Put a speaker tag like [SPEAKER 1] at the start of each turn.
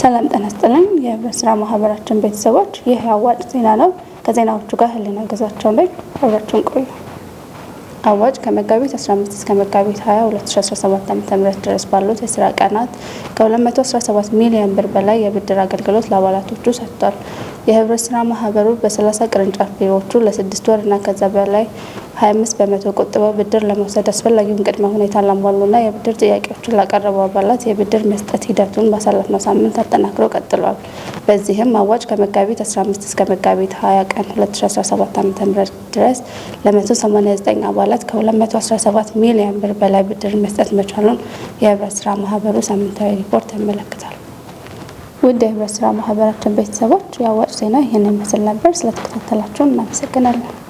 [SPEAKER 1] ሰላም ጤና ይስጥልኝ። የበስራ ማህበራችን ቤተሰቦች ይህ አዋጭ ዜና ነው። ከዜናዎቹ ጋር ህሊና ገዛቸው ላይ አብራችሁን ቆዩ። አዋጅ ከመጋቢት 15 እስከ መጋቢት 20 2017 ዓ.ም ድረስ ባሉት የስራ ቀናት ከ217 ሚሊዮን ብር በላይ የብድር አገልግሎት ለአባላቶቹ ሰጥቷል። የህብረት ስራ ማህበሩ በ30 ቅርንጫፍ ቢሮዎቹ ለስድስት ወር እና ከዛ በላይ 25 በመቶ ቆጥበው ብድር ለመውሰድ አስፈላጊውን ቅድመ ሁኔታ ላሟሉና የብድር ጥያቄዎችን ላቀረቡ አባላት የብድር መስጠት ሂደቱን ባሳለፍነው ሳምንት አጠናክሮ ቀጥሏል። በዚህም አዋጅ ከመጋቢት 15 እስከ መጋቢት 20 ቀን 2017 ዓ.ም ድረስ ለ189 አባላት ከ217 ሚሊዮን ብር በላይ ብድር መስጠት መቻሉን የህብረት ስራ ማህበሩ ሳምንታዊ ሪፖርት ያመለክታል። ውድ የህብረት ስራ ማህበራችን ቤተሰቦች የአዋጭ ዜና ይህንን ይመስል ነበር። ስለተከታተላችሁን እናመሰግናለን።